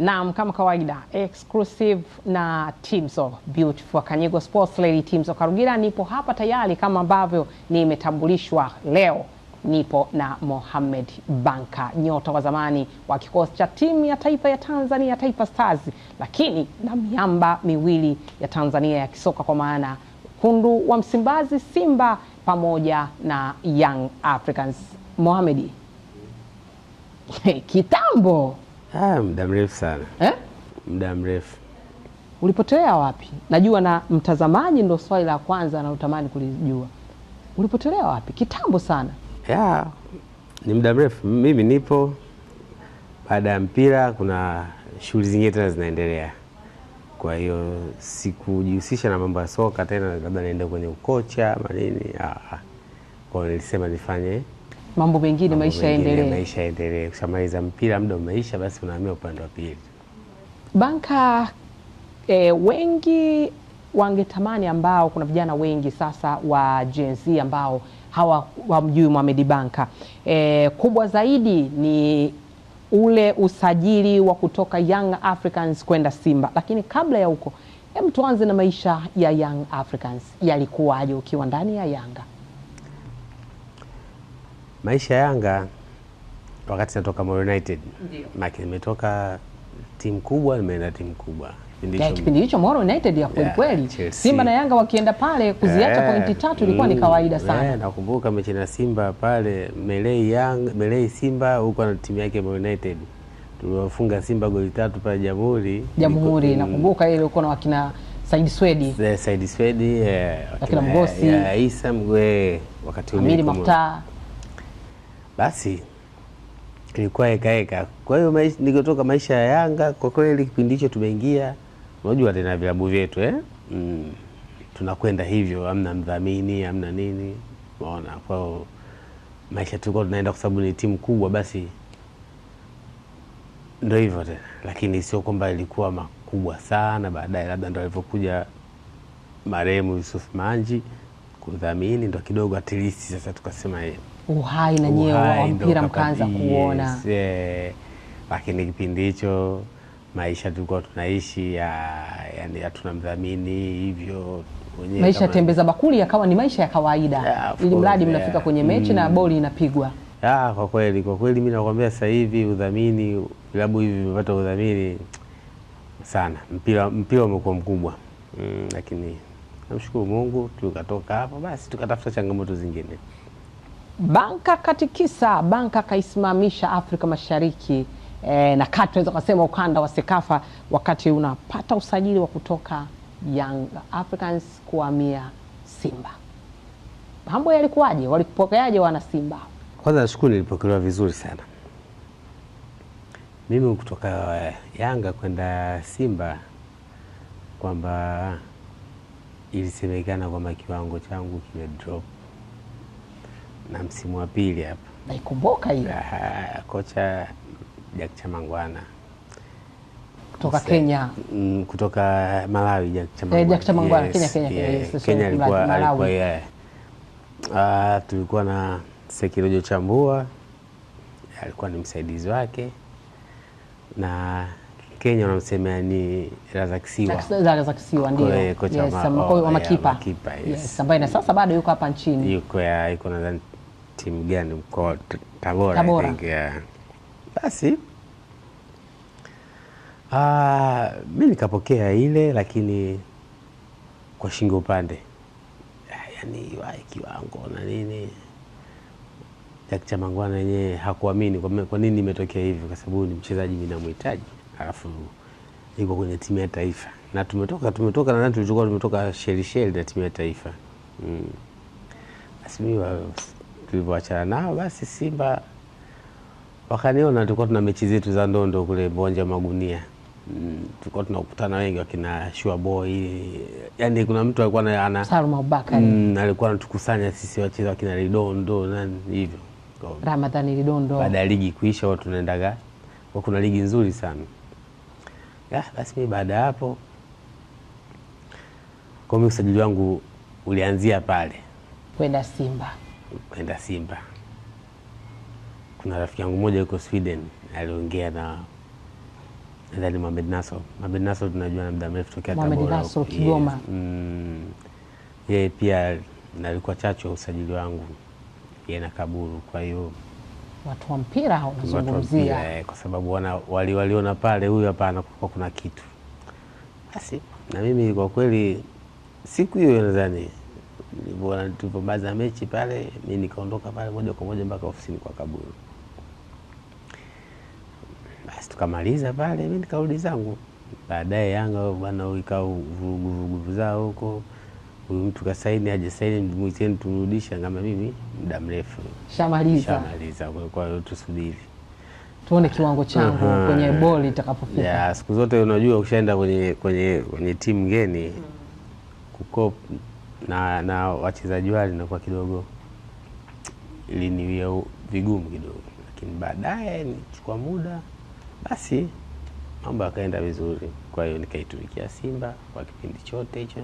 Naam, kama kawaida exclusive na teams of beautiful Kanyego Sports Lady teams of Karugira, nipo hapa tayari kama ambavyo nimetambulishwa leo. Nipo na Mohamed Banka, nyota wa zamani wa kikosi cha timu ya taifa ya Tanzania Taifa Stars, lakini na miamba miwili ya Tanzania ya kisoka kwa maana kundu wa Msimbazi Simba pamoja na Young Africans. Mohamed, kitambo Ah, muda mrefu sana eh? Muda mrefu. Ulipotelea wapi? Najua na mtazamaji ndo swali la kwanza utamani kulijua. Ulipotelea wapi? Kitambo sana. Yeah, ni muda mrefu. Mimi nipo baada ya mpira, kuna shughuli zingine tena zinaendelea, kwa hiyo sikujihusisha na mambo ya soka tena, labda naenda kwenye ukocha ama nini. Ah, ah. kwa hiyo nilisema nifanye mambo mengine, maisha yaendelee, maisha yaendelee. Kushamaliza mpira, muda umeisha, basi unahamia upande wa pili. Banka e, wengi wangetamani ambao kuna vijana wengi sasa wa Gen Z ambao hawa wamjui Mohamed Banka. E, kubwa zaidi ni ule usajili wa kutoka Young Africans kwenda Simba, lakini kabla ya huko, hem, tuanze na maisha ya Young Africans yalikuwaje ukiwa ndani ya Yanga? maisha Yanga wakati natoka Moyo United, maki nimetoka timu kubwa, nimeenda timu kubwa kipindi hicho Moro United ya kweli kweli, yeah, Simba na Yanga wakienda pale kuziacha yeah, pointi tatu ilikuwa mm, ni kawaida eh, sana yeah. Nakumbuka mechi na Simba pale Melei Yang, Melei Simba huko na timu yake Man United tuliwafunga Simba goli tatu pale Jamhuri Jamhuri, nakumbuka ile ilikuwa na wakina Said Swedi eh, Said Swedi, yeah, wakina eh, Mgosi yeah, Isa Mgwe wakati ule Amiri Mkhtar basi ilikuwa eka eka. Kwa hiyo nikitoka maisha ya Yanga kwa kweli, kipindi hicho tumeingia, unajua tena vilabu vyetu eh? mm. tunakwenda hivyo, amna mdhamini amna nini, unaona. Kwa maisha tulikuwa tunaenda kwa sababu ni timu kubwa, basi ndio hivyo tena, lakini sio kwamba ilikuwa makubwa sana. Baadaye labda ndio alivyokuja marehemu Yusuf Manji kudhamini, ndo kidogo atilisi sasa tukasema yeye uhai na nyewe wa mpira mkaanza kuona yes. Lakini kipindi hicho maisha tulikuwa tunaishi yani hatuna mdhamini hivyo wenyewe, maisha kama... tembeza bakuli yakawa ni maisha ya kawaida yeah, ili mradi yeah. mnafika kwenye mechi mm. na boli inapigwa yeah, kwa kweli kwa kweli mimi nakwambia sasa hivi udhamini vilabu hivi vimepata udhamini sana, mpira mpira umekuwa mkubwa mm, lakini namshukuru Mungu tukatoka hapo basi tukatafuta changamoto zingine. Banka katikisa, Banka kaisimamisha Afrika Mashariki e, na kati tunaweza kusema ukanda wa Sekafa, wakati unapata usajili wa kutoka Young Africans kuhamia Simba. Mambo yalikuwaje? Walipokeaje wana Simba? Kwanza nashukuru nilipokelewa vizuri sana. Mimi kutoka eh, Yanga kwenda Simba, kwamba ilisemekana kwamba kiwango changu kime drop na msimu wa pili hapa, naikumbuka hiyo. Kocha Jakcha Mangwana kutoka Kenya, mm, kutoka Malawi. Jakcha Mangwana eh, Kenya Kenya. Kenya Yes, yes, alikuwa alikuwa yeye. Ah, tulikuwa na Sekirojo Chambua alikuwa ni msaidizi wake, na Kenya wanamsemea ni Razakisiwa, Razakisiwa ndio kocha wa makipa ambaye na sasa bado yuko hapa nchini, yuko nadhani timu gani mkoa Tabora, Tabora. yeah. Basi ah, mi nikapokea ile lakini kwa shingo upande, yani wai kiwango na nini. Jack Chamangwana wenyewe hakuamini kwa nini imetokea hivi, kwa sababu ni mchezaji mimi namhitaji, alafu iko kwenye timu ya taifa na tumetoka tumetoka nani tulichokuwa tumetoka shelisheli na timu ya taifa mm. Basi mimi tulivyoachana nao, basi Simba wakaniona, tulikuwa tuna mechi zetu za ndondo kule Bonja Magunia. Mm, tulikuwa tunakutana wengi wakina Shua Boy, yani kuna mtu alikuwa na ana Salma Abubakar mm, alikuwa anatukusanya sisi wacheza wakina Lidondo na hivyo Ramadhani Lidondo. Baada ya ligi kuisha, watu tunaendaga kwa kuna ligi nzuri sana ya, basi mimi baada ya hapo kwa mimi usajili wangu ulianzia pale kwenda Simba enda Simba. Kuna rafiki yangu mmoja yuko Sweden aliongea na nadhani Mohamed Naso. Mohamed Naso tunajua na muda mrefu tokea Tabora. Kigoma. Mm. Yeye pia alikuwa chachu ya usajili wangu yeye na Kaburu, kwa hiyo watu wa mpira unazungumzia, eh, kwa sababu wana, wali waliona pale huyu hapa anakuwa kuna kitu basi, na mimi kwa kweli siku hiyo nadhani tulivyobaza mechi pale, mi nikaondoka pale moja kwa moja mpaka ofisini kwa Kaburu. Basi tukamaliza pale, mi nikarudi zangu. Baadaye Yanga bwana ikawa vurugu vurugu zao huko, huyu mtu kasaini aje saini mwiteni turudishe. kama mimi muda mrefu shamaliza shamaliza, kwa hiyo tusubiri tuone kiwango changu uh -huh. kwenye boli itakapofika. Yeah, siku zote unajua ukishaenda kwenye, kwenye, kwenye timu ngeni mm. kukop na, na wachezaji wale inakuwa kidogo iliniwia vigumu kidogo, lakini baadaye nichukua muda, basi mambo yakaenda vizuri. Kwa hiyo nikaitumikia Simba kwa kipindi chote hicho,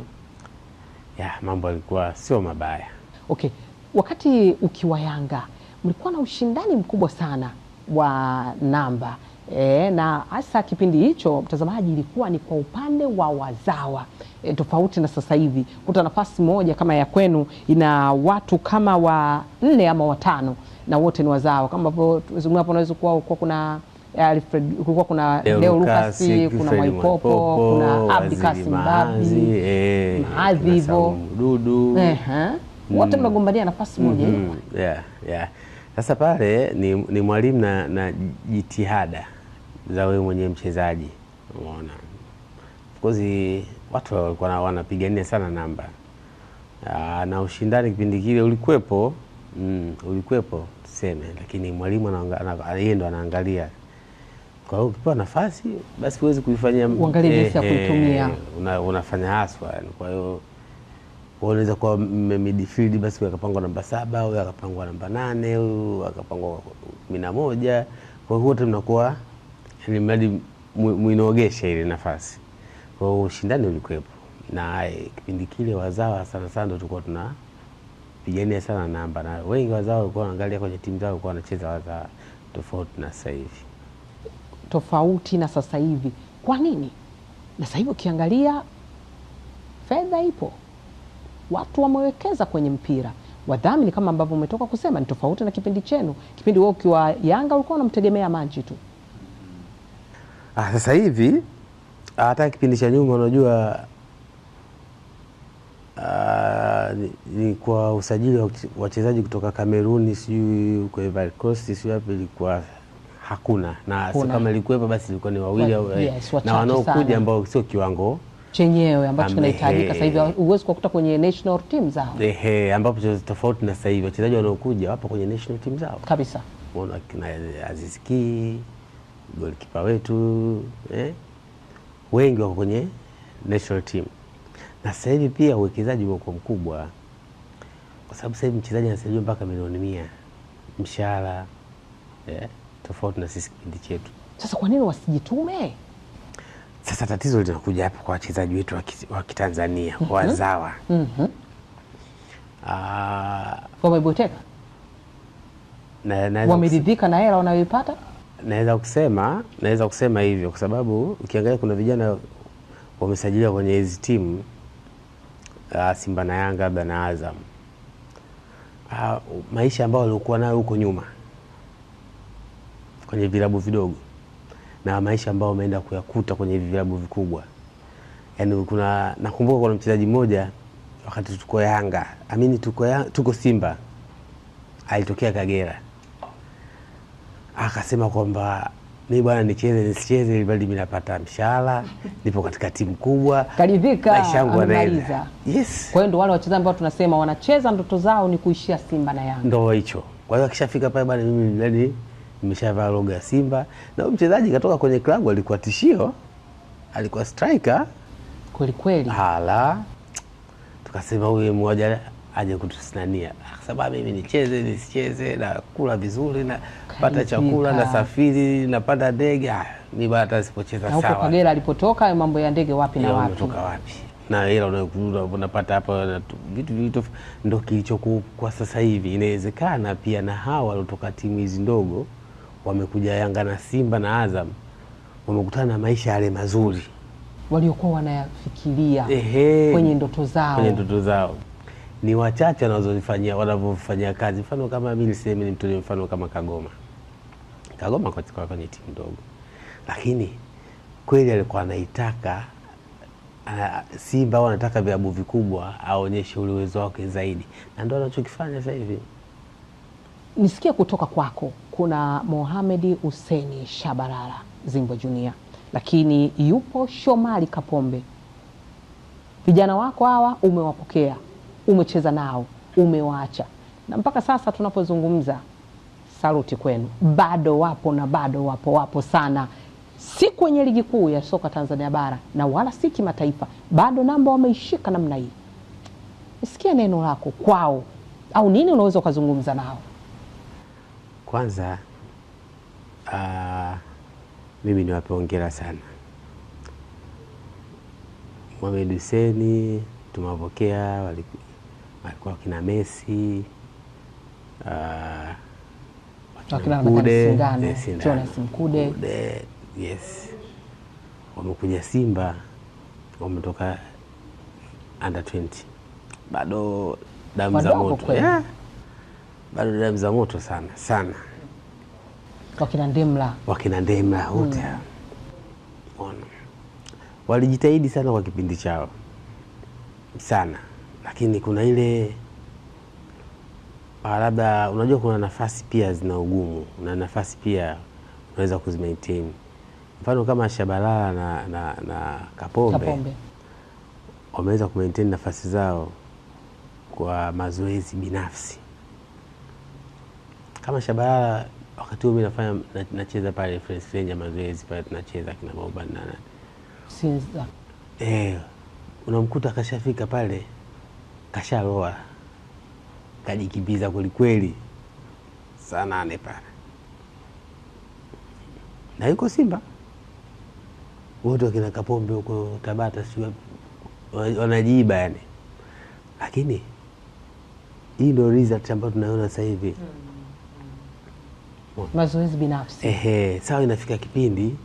ya mambo yalikuwa sio mabaya. Okay, wakati ukiwa Yanga mlikuwa na ushindani mkubwa sana wa namba E, na hasa kipindi hicho mtazamaji, ilikuwa ni kwa upande wa wazawa e, tofauti na sasa hivi. Kuta nafasi moja kama ya kwenu ina watu kama wa nne ama watano na wote ni wazawa, kama hapo hapo unaweza kuwa kuna e, Alfred, kulikuwa kuna Leo Lucas, kuna Mwaipopo, kuna Abdi Kasim Babi, Maadhi hivyo Dudu, wote mm. mnagombania nafasi moja. Mm-hmm. Sasa pale ni, ni mwalimu na, na jitihada za wewe mwenyewe mchezaji, umeona. Of course watu walikuwa wanapigania sana namba Aa, ah, na ushindani kipindi kile ulikuwepo, mm, ulikuwepo tuseme, lakini mwalimu yeye ndo anaangalia. Kwa hiyo ukipewa nafasi basi huwezi kuifanyia, uangalie jinsi ya kuitumia, una, unafanya haswa. Kwa hiyo unaweza kuwa midfield, basi akapangwa namba saba, au akapangwa namba nane, au akapangwa kumi na moja, kwa hiyo wote mnakuwa ili yaani mradi mwinogesha ile nafasi. Kwa hiyo ushindani ulikuwepo, na kipindi kile wazawa sana sana ndio tulikuwa tuna pigania sana namba, na wengi wazawa walikuwa wanaangalia kwenye timu zao, walikuwa wanacheza wazawa tofauti na sasa hivi, tofauti na sasa hivi. Kwa nini? Na sasa hivi ukiangalia fedha ipo, watu wamewekeza kwenye mpira wadhamini kama ambavyo umetoka kusema ni tofauti na kipindi chenu. Kipindi wewe ukiwa Yanga ulikuwa unamtegemea manji tu. Ah, sasa hivi ah, hata kipindi cha nyuma unajua ah, ni, ni kwa usajili wa wachezaji kutoka Kameruni sijui kwa Ivory Coast sijui hapo ilikuwa hakuna, na sio kama ilikuwepo basi ilikuwa ni wawili au eh, yes, na wanaokuja ambao sio kiwango chenyewe ambacho kinahitajika sasa hivi, eh. huwezi kukuta kwenye national team zao, ehe, ambapo tofauti na sasa hivi wachezaji wanaokuja wapo kwenye national team zao kabisa, unaona kina Aziziki golkipa wetu eh, wengi wako kwenye national team, na sasa hivi pia uwekezaji umekuwa mkubwa, kwa sababu sasa hivi mchezaji anasajiliwa mpaka milioni mia mshahara eh, tofauti na sisi kipindi chetu. Sasa kwa nini wasijitume? Sasa tatizo linakuja hapa kwa wachezaji wetu wa Kitanzania kwa -hmm. wazawa mm ah. wameboteka, wameridhika na hela wanayoipata Naweza kusema naweza kusema hivyo kwa sababu ukiangalia kuna vijana wamesajiliwa kwenye hizi timu uh, Simba na Yanga labda na Azam uh, maisha ambayo waliokuwa nayo huko nyuma kwenye vilabu vidogo na maisha ambayo wameenda kuyakuta kwenye vilabu vikubwa. Yani kuna nakumbuka kuna mchezaji mmoja wakati tuko Yanga, amini tuko, ya, tuko Simba alitokea Kagera akasema kwamba mi bwana, nicheze nisicheze, ilibali mi napata mshahara, nipo katika timu kubwa, Yes, kwa hiyo ndo wale wachezaji ambao tunasema wanacheza ndoto zao ni kuishia Simba na Yanga, ndo hicho. Kwa hiyo akishafika pale bwana, mimi yani nimeshavaa logo ya Simba, na mchezaji katoka kwenye klabu, alikuwa tishio, alikuwa striker kwelikweli hala tukasema huyu mmoja aje kutusinania ah, sababu mimi nicheze nisicheze, nakula vizuri, napata chakula, na napanda ndege. Ah, ni bata sipocheza sawa. Huko Kagera alipotoka mambo ya ndege wapi na wapi, kutoka wapi na hela unapata hapa vitu vitu, ndo kwa sasa hivi. Inawezekana pia na hawa waliotoka timu hizi ndogo wamekuja Yanga na Simba na Azam wamekutana na maisha yale mazuri waliokuwa wanayafikiria, kwenye ndoto zao, kwenye ndoto zao ni wachache wanazofanyia wanavyofanyia kazi. Mfano kama mimi niseme nimtolee mfano kama Kagoma. Kagoma kwa kwa ni timu ndogo, lakini kweli alikuwa anaitaka Simba au anataka vilabu vikubwa aonyeshe ule uwezo wake zaidi, na ndio anachokifanya sasa hivi. Nisikia kutoka kwako kuna Mohamed Hussein Shabalala Zimbo Junior, lakini yupo Shomari Kapombe. Vijana wako hawa umewapokea umecheza nao, umewaacha, na mpaka sasa tunapozungumza, saluti kwenu, bado wapo na bado wapo, wapo sana, si kwenye ligi kuu ya soka Tanzania bara na wala si kimataifa, bado namba wameishika namna hii. sikia neno lako kwao, au nini unaweza ukazungumza nao? Kwanza uh, mimi niwape hongera sana Mohamed Hussein tumewapokea, walikuwa wakina Messi uh, eh, Mkude, yes, wamekuja Simba wametoka under 20 bado damu za moto yeah. bado damu za moto sana sana, wakina Ndemla wakina Ndemla hmm. wote hmm. walijitahidi sana kwa kipindi chao sana lakini kuna ile ah, labda unajua kuna nafasi pia zina ugumu na nafasi pia unaweza kuzimaintain mfano kama Shabalala na, na, na Kapombe, Kapombe wameweza kumaintain nafasi zao kwa mazoezi binafsi. Kama Shabalala wakati huo nafanya nacheza pale Friends ya mazoezi pale tunacheza kina Boba na nani Sinza, eh, unamkuta akashafika pale kashaoa kajikimbiza kwelikweli saa nane pale na yuko Simba wote wakina Kapombe huko Tabata si wanajiiba yani, lakini hii ndio result ambayo tunaona sasa hivi mm, mm, mm. mazoezi binafsi. Ehe, sawa, inafika kipindi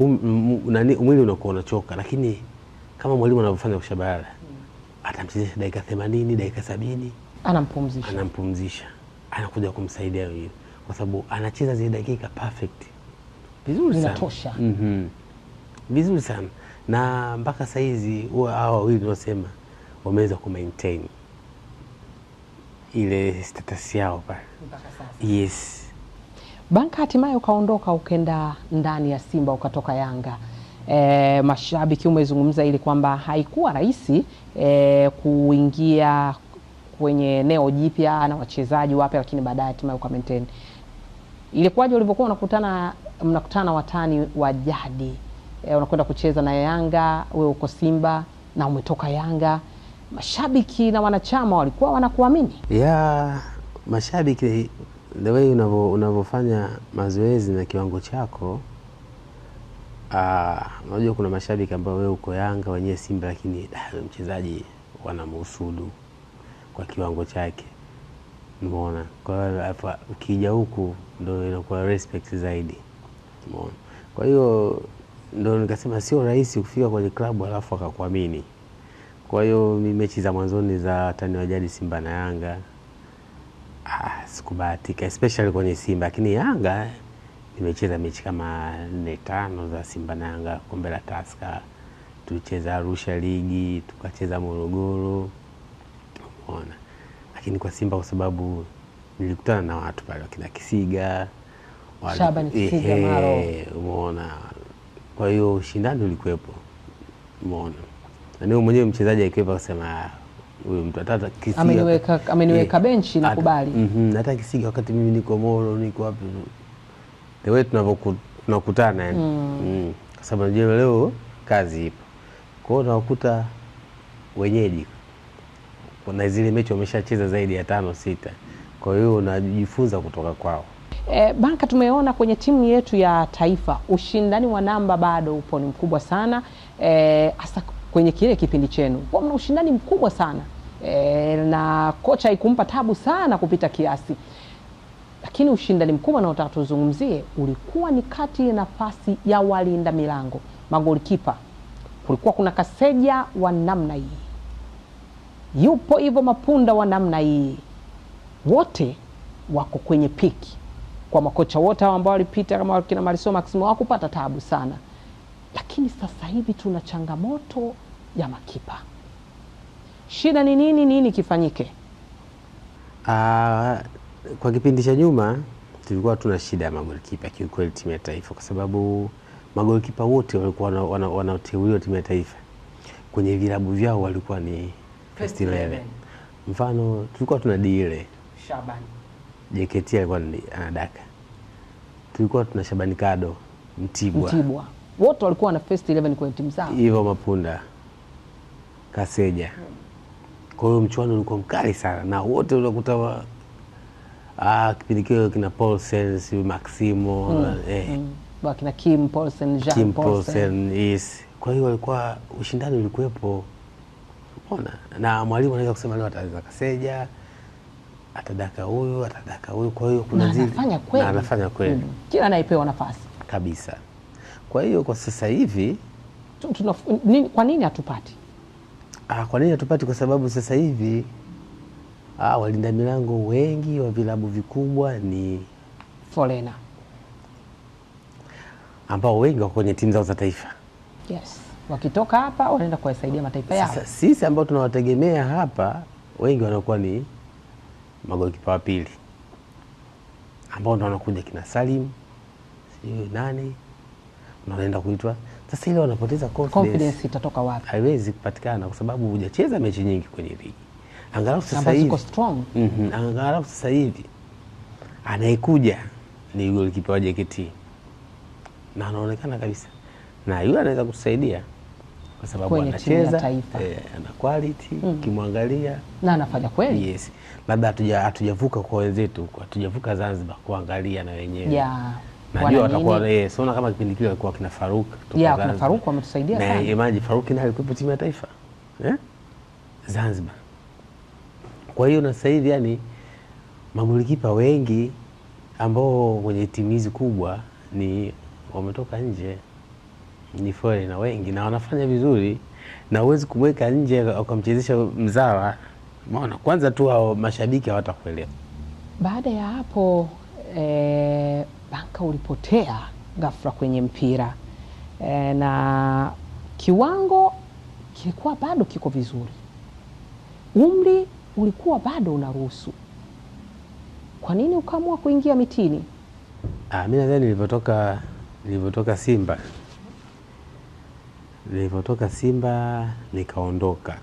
um, um, um, mwili unakuwa unachoka, lakini kama mwalimu anavyofanya ushabara atamchezesha dakika themanini, dakika sabini, anampumzisha, anampumzisha, anakuja kumsaidia yule, kwa sababu anacheza zile dakika perfect vizuri sana, inatosha mm -hmm. vizuri sana na mpaka saizi huwa hawa wawili tunaosema wameweza ku maintain ile status yao pale Yes, Banka hatimaye ukaondoka ukenda ndani ya Simba ukatoka Yanga e, mashabiki umezungumza ili kwamba haikuwa rahisi e, kuingia kwenye eneo jipya na wachezaji wapya, lakini baadaye hatimaye uka maintain. Ilikuwaje ulivyokuwa unakutana mnakutana watani wa jadi e, unakwenda kucheza na Yanga, wewe uko Simba na umetoka Yanga, mashabiki na wanachama walikuwa wanakuamini? Yeah, mashabiki the way unavyofanya mazoezi na kiwango chako Ah, unajua kuna mashabiki ambao wewe uko Yanga wenyewe Simba, lakini mchezaji wanamhusudu kwa kiwango chake, umeona. Kwa hiyo ukija huku ndo inakuwa respect zaidi, umeona. Kwa hiyo ndo nikasema sio rahisi kufika kwenye klabu alafu akakuamini. Kwa hiyo mi mechi za mwanzoni za watani wa jadi Simba na Yanga, ah, sikubahatika especially kwenye Simba, lakini Yanga eh, nimecheza mechi kama nne tano za Simba na Yanga, kombe la Taska, tulicheza Arusha ligi, tukacheza Morogoro, umeona. Lakini kwa Simba kwa sababu nilikutana na watu pale wakina Kisiga Shaban Kisiga Maro, umeona. Kwa hiyo ushindani ulikuwepo, umeona, na ndio mwenyewe mchezaji akiwepo akasema huyu mtu hata Kisiga ameniweka eh, ameniweka benchi, nakubali mhm, hata Kisiga wakati mimi niko Moro niko wapi the way tunakutana yani mm. mm. kwa sababu najua leo kazi ipo, kwao, unawakuta wenyeji na zile mechi wameshacheza zaidi ya tano sita, kwa hiyo unajifunza kutoka kwao. E, Banka, tumeona kwenye timu yetu ya taifa ushindani wa namba bado upo ni mkubwa sana e, hasa e, kwenye kile kipindi chenu kwa mna ushindani mkubwa sana e, na kocha ikumpa tabu sana kupita kiasi. Lakini ushindani mkubwa na tuzungumzie ulikuwa ni kati ya nafasi ya walinda milango magolikipa. Kulikuwa kuna Kaseja wa namna hii, yupo hivyo Mapunda wa namna hii, wote wako kwenye piki kwa makocha wote hao ambao walipita kama kina Mariso Maximo hawakupata taabu sana, lakini sasa hivi tuna changamoto ya makipa. Shida ni nini? Nini kifanyike? Uh, kwa kipindi cha nyuma tulikuwa tuna shida ya magolikipa kiukweli timu ya taifa, kwa sababu magolikipa wote walikuwa wanateuliwa wana, wana timu ya taifa kwenye vilabu vyao walikuwa ni first eleven. Mfano tulikuwa tuna Dile Shaban, JKT alikuwa anadaka, tulikuwa tuna Shabani Kado Mtibwa, Mtibwa wote walikuwa na first 11 kwenye timu zao, hivyo Mapunda Kaseja. Hmm. Kwa hiyo mchuano ulikuwa mkali sana na wote unakuta ah, kipindi kile kina Paulsen, si Maximo mm. mm. eh. mm. wakina Kim Paulsen, Jean Kim Paulsen. Yes. Kwa hiyo walikuwa ushindani ulikuwepo, umeona, na mwalimu anaweza kusema leo ataweza Kaseja atadaka huyu atadaka huyu, kwa hiyo kuna zile anafanya kweli, anafanya kweli mm. kila anayepewa nafasi kabisa. Kwa hiyo kwa sasa hivi nini, kwa nini hatupati? Ah, kwa nini hatupati? Kwa sababu sasa hivi ah, walinda milango wengi wa vilabu vikubwa ni forena ambao wengi wako kwenye timu zao za taifa. Yes, wakitoka hapa wanaenda kuwasaidia mataifa yao. sisi ambao tunawategemea hapa wengi wanakuwa ni magolikipa wa pili ambao ndo wanakuja kina Salim sijui nani wanaenda kuitwa sasa, ile wanapoteza confidence. Confidence itatoka wapi? Haiwezi kupatikana kwa sababu hujacheza mechi nyingi kwenye ligi angalau sasa hivi ziko strong mm -hmm. angalau sasa hivi anayekuja ni yule kipa wa JKT na anaonekana kabisa, na yule anaweza kusaidia kwa sababu anacheza eh, ana quality mm. Kimwangalia na anafanya kweli yes. Labda hatujavuka kwa wenzetu huko, hatujavuka Zanzibar kuangalia na wenyewe yeah. Najua watakuwa na yeye. Eh, Sona kama kipindi kile alikuwa kina Faruk Ya, kina Zanzibar. Faruk wametusaidia sana. Na imagine Faruk naye alikuwa timu ya taifa eh? Zanzibar kwa hiyo na sasa hivi yani mamulikipa wengi ambao wenye timizi kubwa ni wametoka nje, ni foreigner wengi na wanafanya vizuri, na uwezi kumweka nje ukamchezesha mzawa. Maana kwanza tu hao mashabiki hawatakuelewa. Baada ya hapo e, eh, Banka ulipotea ghafla kwenye mpira e, na kiwango kilikuwa bado kiko vizuri, umri ulikuwa bado unaruhusu, kwa nini ukaamua kuingia mitini? Ah, mimi nadhani nilivyotoka nilivyotoka Simba nilivyotoka Simba nikaondoka,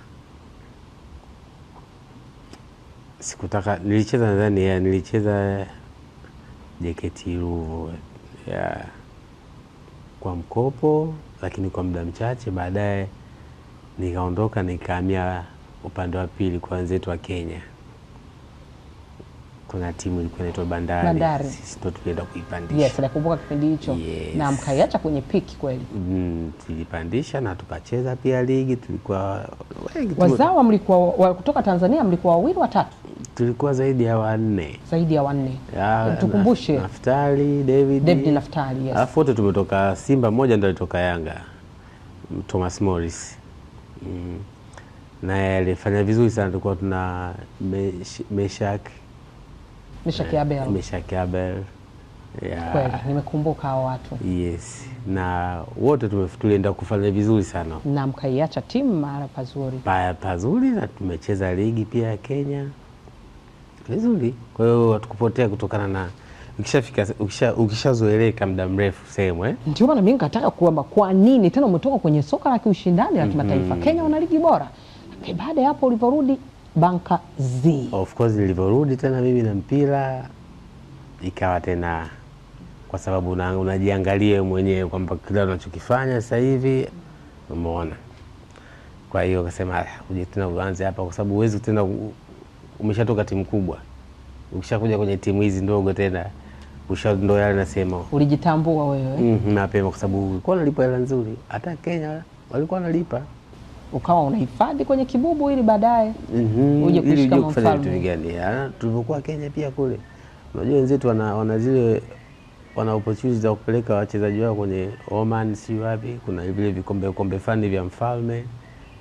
sikutaka nilicheza, nadhani ya nilicheza JKT Ruvu ya kwa mkopo, lakini kwa muda mchache baadaye nikaondoka nikaamia upande wa pili kwa wenzetu wa Kenya kuna timu ilikuwa inaitwa Bandari, Bandari. Sisi ndo tulienda kuipandisha. Yes, nakumbuka kipindi hicho yes. Na mkaiacha kwenye piki kweli. Mm, tulipandisha na tukacheza pia ligi, tulikuwa wengi. tu. Wazawa mlikuwa wa, kutoka Tanzania mlikuwa wawili watatu? Tulikuwa zaidi ya wanne, zaidi ya wanne. Tukumbushe Naftali, David, David Naftali, yes. Alafu wote tumetoka Simba, mmoja ndo alitoka Yanga, Thomas Morris mm naye alifanya vizuri sana. Tulikuwa tuna Meshak Meshak Abel, Meshak Abel yeah. Kweli nimekumbuka hao watu yes, na wote tulienda kufanya vizuri sana na mkaiacha timu mara pazuri baya pazuri, na tumecheza ligi pia ya Kenya vizuri. Kwa hiyo hatukupotea kutokana na ukishafika ukishazoeleka muda mrefu sehemu eh? Ndio maana mimi nikataka kuomba kwa nini tena umetoka kwenye soka la kiushindani la kimataifa mm -hmm. Kenya wana ligi bora E, baada ya hapo ulivorudi Banka Z, of course nilivyorudi tena mimi na mpira ikawa tena, kwa sababu unajiangalia mwenyewe kwamba kila unachokifanya sasa hivi umeona. Kwa hiyo akasema ah, uje tena uanze hapa, kwa sababu uwezi tena, umeshatoka timu kubwa, ukishakuja kwenye timu hizi ndogo tena usha ndo yale nasema, ulijitambua wewe mm-hmm, mapema mm, kwa sababu kwa nalipa hela nzuri, hata Kenya walikuwa wanalipa ukawa unahifadhi kwenye kibubu ili baadaye mhm, uje kushika kufanya vitu vigani. Ah, Tulipokuwa Kenya pia kule, unajua wenzetu wana, wana zile wana opportunity za kupeleka wachezaji wao kwenye Oman, si wapi, kuna vile vikombe kombe fani vya mfalme,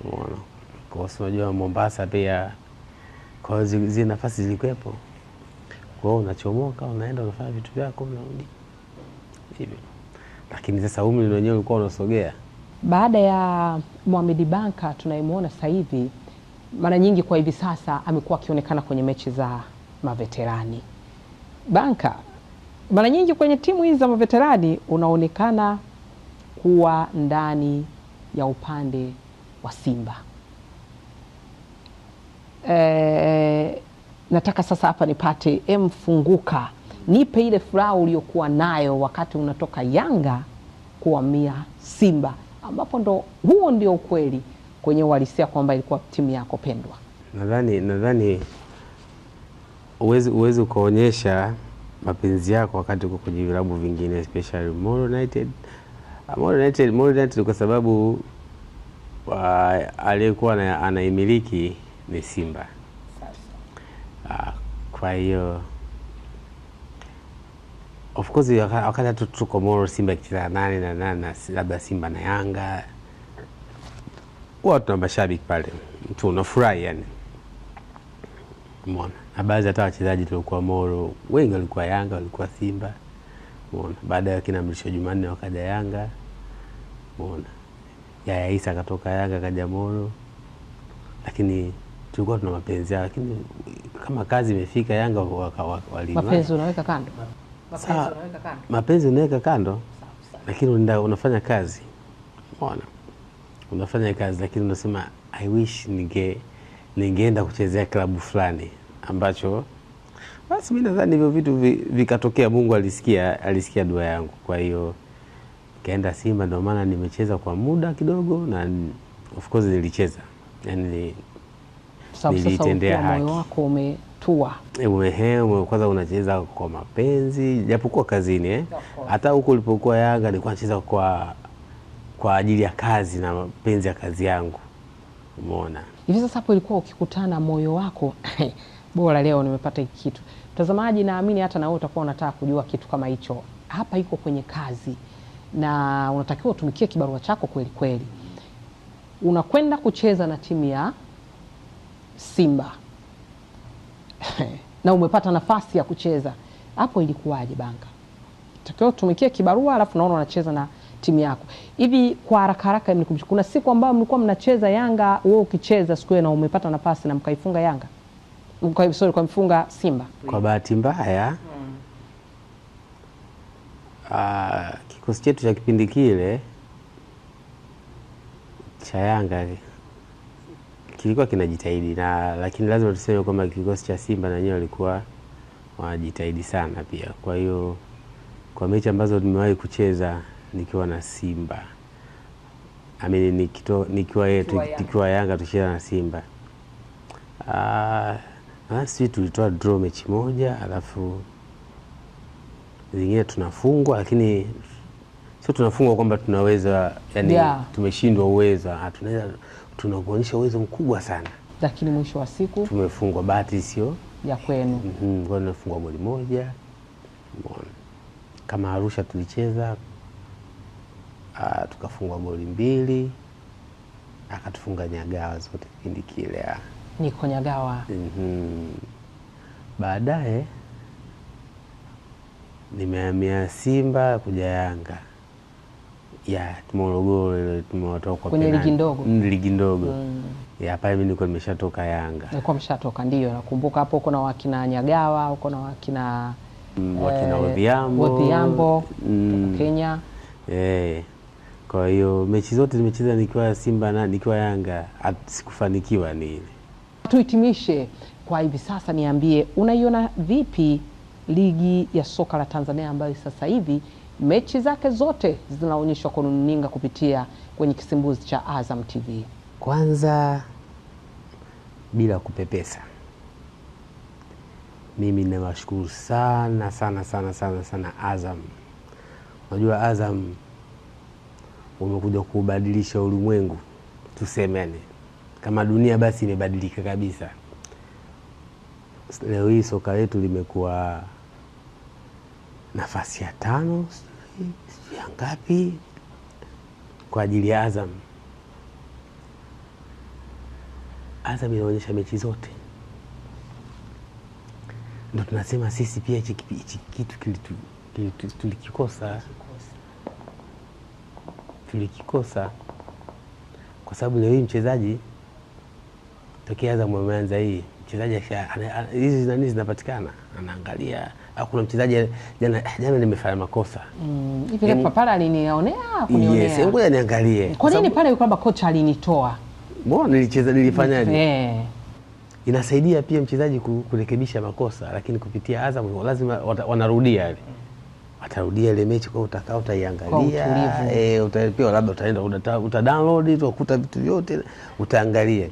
unaona kwa sababu unajua Mombasa pia kwa zile nafasi zilikuwepo, kwa hiyo unachomoka, unaenda unafanya vitu vyako, unarudi hivyo. Lakini sasa umri wenyewe ulikuwa unasogea baada ya Mohamed Banka tunayemwona sasa hivi, mara nyingi kwa hivi sasa amekuwa akionekana kwenye mechi za maveterani. Banka mara nyingi kwenye timu hizi za maveterani unaonekana kuwa ndani ya upande wa Simba. E, nataka sasa hapa nipate emfunguka nipe ile furaha uliyokuwa nayo wakati unatoka Yanga kuhamia Simba ambapo ndo huo ndio ukweli kwenye uhalisia kwamba ilikuwa timu yako pendwa. Nadhani nadhani uwezi uwezi ukaonyesha mapenzi yako wakati uko kwenye vilabu vingine especially Moro United. Moro United, Moro United kwa sababu uh, aliyekuwa anaimiliki ni Simba. Uh, kwa hiyo Of course wakati hatu tuko moro Simba ikicheza nani na nani na labda Simba na Yanga huwa tuna mashabiki pale, mtu unafurahi yani, umeona. Na baadhi hata wachezaji tulikuwa moro, wengi walikuwa Yanga, walikuwa Simba, umeona. Baada ya kina Mrisho Jumanne wakaja Yanga, umeona. Yaya Isa akatoka Yanga akaja moro, lakini tulikuwa tuna mapenzi yao, lakini kama kazi imefika Yanga waka, waka, wali mapenzi unaweka kando. Sawa. mapenzi unaweka kando, lakini unafanya kazi, umeona unafanya kazi, lakini unasema I wish ninge ningeenda kuchezea klabu fulani ambacho basi mi nadhani hivyo vitu vikatokea. Mungu alisikia, alisikia dua yangu, kwa hiyo nikaenda Simba, ndio maana nimecheza kwa muda kidogo, na of course nilicheza, yaani, moyo wako ume hatua. Ehe, kwanza unacheza kwa mapenzi japokuwa kazini eh? Hata huko ulipokuwa Yanga nilikuwa nacheza kwa kwa ajili ya kazi na mapenzi ya kazi yangu. Umeona hivi sasa, hapo ilikuwa ukikutana moyo wako bora leo nimepata hiki kitu. Mtazamaji, naamini hata na wewe utakuwa unataka kujua kitu kama hicho. Hapa iko kwenye kazi na unatakiwa utumikie kibarua chako kweli kweli. Unakwenda kucheza na timu ya Simba na umepata nafasi ya kucheza, hapo ilikuwaje banga Takiwa tumikie kibarua, alafu naona unacheza na timu yako hivi kwa haraka haraka. Mnikumbushe, kuna siku ambayo mlikuwa mnacheza Yanga, wewe ukicheza siku hiyo na umepata nafasi na mkaifunga Yanga mka, sorry, kwa mfunga Simba kwa bahati mbaya mm. Uh, kikosi chetu cha kipindi kile cha Yanga kilikuwa kinajitahidi na, lakini lazima tuseme kwamba kikosi cha Simba na wenyewe walikuwa wanajitahidi sana pia. Kwa hiyo kwa mechi ambazo nimewahi kucheza nikiwa na Simba amini, nikito, nikiwa yetu nikiwa Yanga tucheza na Simba uh, tulitoa draw mechi moja alafu zingine tunafungwa, lakini sio tunafungwa kwamba tunaweza yani, yeah. tumeshindwa uweza, ah, tunaweza tunakuonyesha uwezo mkubwa sana, lakini mwisho wa siku tumefungwa, bahati sio ya kwenu. mm -hmm, goli moja kama Arusha tulicheza uh, tukafungwa goli mbili, akatufunga Nyagawa zote kipindi kile, ah. niko Nyagawa. mm -hmm. Baadaye nimehamia Simba kuja Yanga ya Morogoro ile tumewatoka kwenye ligi ndogo, ligi ndogo mm. ya pale mimi nilikuwa nimeshatoka Yanga, nilikuwa mshatoka ndio. Nakumbuka hapo kuna na wakina Nyagawa, huko na wakina mm, eh, wakina eh, Odhiambo, Odhiambo mm. Kenya eh. Kwa hiyo mechi zote nimecheza nikiwa Simba na nikiwa Yanga, sikufanikiwa nini. Tuhitimishe kwa hivi sasa, niambie unaiona vipi ligi ya soka la Tanzania ambayo sasa hivi mechi zake zote zinaonyeshwa kwa runinga kupitia kwenye kisimbuzi cha Azam TV. Kwanza bila kupepesa, mimi nawashukuru sana sana sana sana sana Azam. Unajua Azam umekuja kuubadilisha ulimwengu, tusemene kama dunia basi imebadilika kabisa. Leo hii soka letu limekuwa nafasi ya tano sijui ya ngapi kwa ajili ya Azam. Azam inaonyesha mechi zote, ndo tunasema sisi pia hichi kitu tulikikosa, tulikikosa kwa sababu leo hii mchezaji tokea Azam ameanza hii mchezaji hizi nani zinapatikana, anaangalia kuna mchezaji jana eh, jana nimefanya makosa mm, hivi leo yaani- papala alinionea kunionea. Yes, ngoja niangalie. Kwa nini pale yuko labda kocha alinitoa? Mbona nilicheza nilifanyaje? Eh. Inasaidia pia mchezaji kurekebisha makosa, lakini kupitia Azam lazima wanarudia yale atarudia ile mechi kwa utakao utaiangalia, eh, utapewa labda utaenda uta, uta download ukuta vitu vyote utaangalia.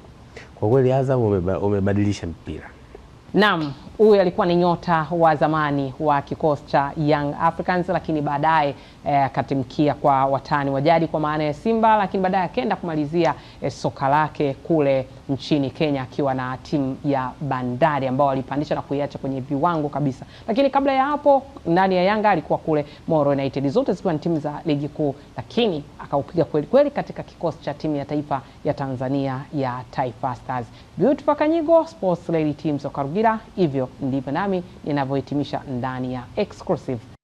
Kwa kweli Azam umebadilisha mpira. Naam. Huyu alikuwa ni nyota wa zamani wa kikosi cha Young Africans, lakini baadaye eh, akatimkia eh, kwa watani wa jadi kwa maana ya Simba, lakini baadaye akaenda kumalizia eh, soka lake kule nchini Kenya akiwa na timu ya Bandari ambao walipandisha na kuiacha kwenye viwango kabisa. Lakini kabla ya hapo ndani ya Yanga alikuwa kule Moro United, zote zikiwa ni timu za ligi kuu, lakini akaupiga kweli kweli katika kikosi cha timu ya taifa ya Tanzania ya Taifa Stars. Beautiful Kanyigo, Sports Lady Teams Okarugira. Hivyo ndivyo nami ninavyohitimisha ndani ya exclusive